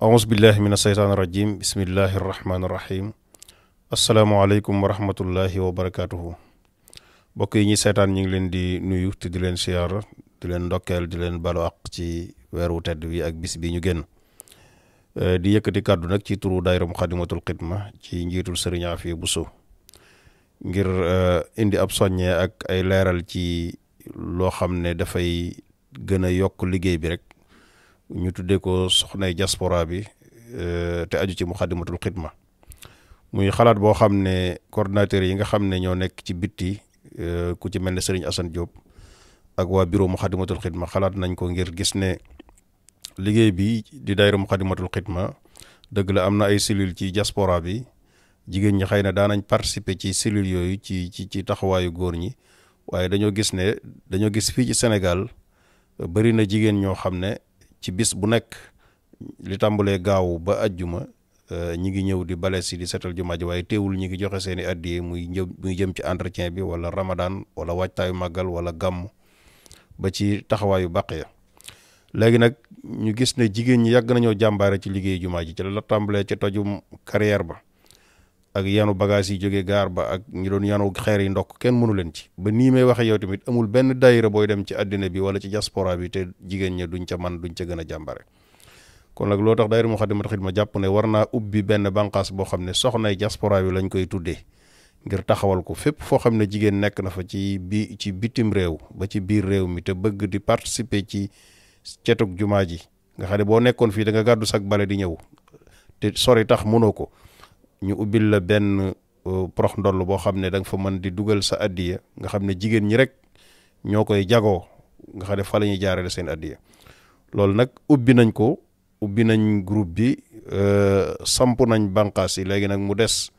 aus billahi min asheytaan irajim bismillahi irrahmaani irrahim asalaamaaleykum wa rahmatullahi wa barakatuhu mbokk yi ñuy seetaan ñu ngi leen di nuyu te di leen siyaara di leen ndokkeel di leen balu aq ci weeru tedd wi ak bis bi ñu génn eh, di yëkkati kàddu nag ci turu daayira Muxaddamatul Xidma ci njiitul sëriñ fi Buso ngir eh, indi ab soññee ak ay leeral ci loo xam ne dafay gën a yokk liggéey bi rek ñu tuddee ko soxnay jaspora bi euh, te aju ci muxaddamatul xidma muy xalaat boo xam ne coordonnateur yi nga xam ne ñoo nekk ci bitti euh, ku ci mel ne Serigne Assane Diop ak waa bureau muxaddamatul xidma xalaat nañ ko ngir gis ne liggéey bi di daayira muxaddamatul xidma dëgg la am na ay cellule ci jaspora bi jigéen ñi xëy na daanañ participer ci cellule yooyu ci ci ci taxawaayu góor ñi waaye dañoo gis ne dañoo gis fii ci Sénégal bëri na jigéen ñoo xam ne ci bis bu nekk li tàmbalee gaaw ba ajjuma euh, ñi ngi ñëw di bale si di setal jumaa ji waaye teewul ñi ngi joxe seeni i addiye muy jëm muy jëm ci entretien bi wala ramadan wala waajtaayu màggal wala gàmm ba ci taxawaayu bàq ya léegi nag ñu gis ne jigéen ñi yàgg nañoo jàmbaare ci liggéey jumaa ji ci la tàmbalee ci tojum carrière ba ak yanu bagage yi jóge gaar ba ak ñu doon yanu xeer yi ndokk kenn mënu leen ci ba nii may waxee yow tamit amul benn daayira booy dem ci àddina bi wala ci diaspora bi te jigéen ña duñ ca man duñ ca gën a jàmbare kon nag loo tax daayira Moukhaddamatoul Khidma jàpp ne war naa ubbi benn banqaas xam ne soxnay diaspora bi lañ koy tuddee ngir taxawal ko fépp foo xam ne jigéen nekk na fa ci bi ci bitim réew ba ci biir réew mi te bëgg di participer ci cetug jumaa ji nga xam ne boo nekkoon fii da nga gàddu sag bale di ñëw te sori tax mënoo ko ñu ubbil la benn euh, prox ndoll boo xam ne da nga fa mën di dugal sa addiya nga xam ne jigéen ñi rek ñoo koy jagoo nga xam ne fa la ñuy jaarale seen addiya loolu nag ubbi nañ ko ubbi nañ groupe bi euh, samp nañ bànqaas yi léegi nag mu des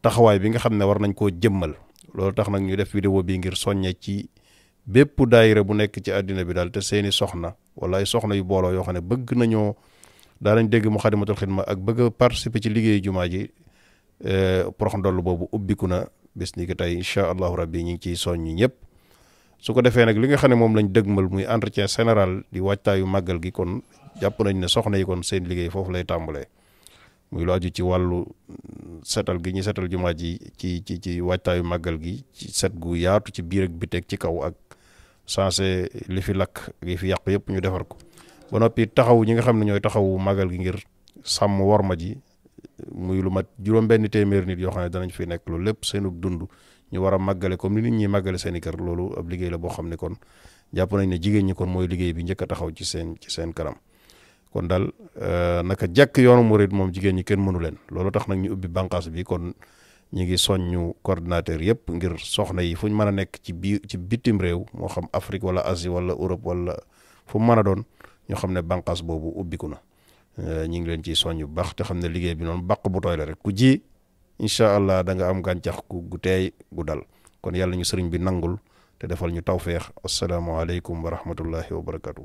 taxawaay bi nga xam ne war nañ koo jëmmal loolu tax nag ñu def vidéo bi ngir soññe ci bépp daayira bu nekk ci àddina bi daal te seeni soxna wala ay soxna yu booloo yoo xam ne bëgg nañoo daanañ dégg mu xadimatul xidma ak bëgg a ci liggéeyu jumaa ji Eh, porox ndoll boobu ubbiku na bis ni ki tey incha allahu rabbi ñu ngi ciy soññ ñëpp su ko defee nag li nga xam ne moom lañ dëgmal muy entretien général di waajtaayu màggal gi kon jàpp nañ ne soxna yi kon seen liggéey foofu lay tàmbalee muy lu aju ci wàllu setal gi ñu setal jumaa ji ci ci ci waajtaayu màggal gi ci set gu yaatu ci biir ak biteeg ci kaw ak sensé li fi lakk gi fi yàq yëpp ñu defar ko ba noppi taxaw ñi nga xam ne ñooy taxawu màggal gi ngir sàmm worma ji muy lu mat juróom-benn téeméeri nit yoo xam ne danañ fi nekk loolu lépp seenub dund ñu war a màggale comme ni nit ñi màggale seeni kër loolu ab liggéey la boo xam ne kon jàpp nañ ne jigéen ñi kon mooy liggéey bi njëkk taxaw ci seen ci seen kanam kon daal euh, naka jàkk yoonu murid moom jigéen ñi kenn mënu leen loolu tax nag ñu ubbi bànqaas bi kon ñu ngi ñu cordinateur yëpp ngir soxna yi fu ñu mën a nekk ci biir ci bitim réew moo xam Afrique wala Asie wala Europe wala fu mu mën a doon ñu xam ne bànqaas boobu ubbiku na Euh, ñu ngi leen ciy soñ bu baax te xam ne liggéey bi noonu bàq bu tooy la rek ku ji incha allah da nga am gàncax ku gu teey gu dal kon yàlla ñu sëriñ bi nangul te defal ñu tawfeex asalaamaaleykum wa rahmatullahi wa barakatu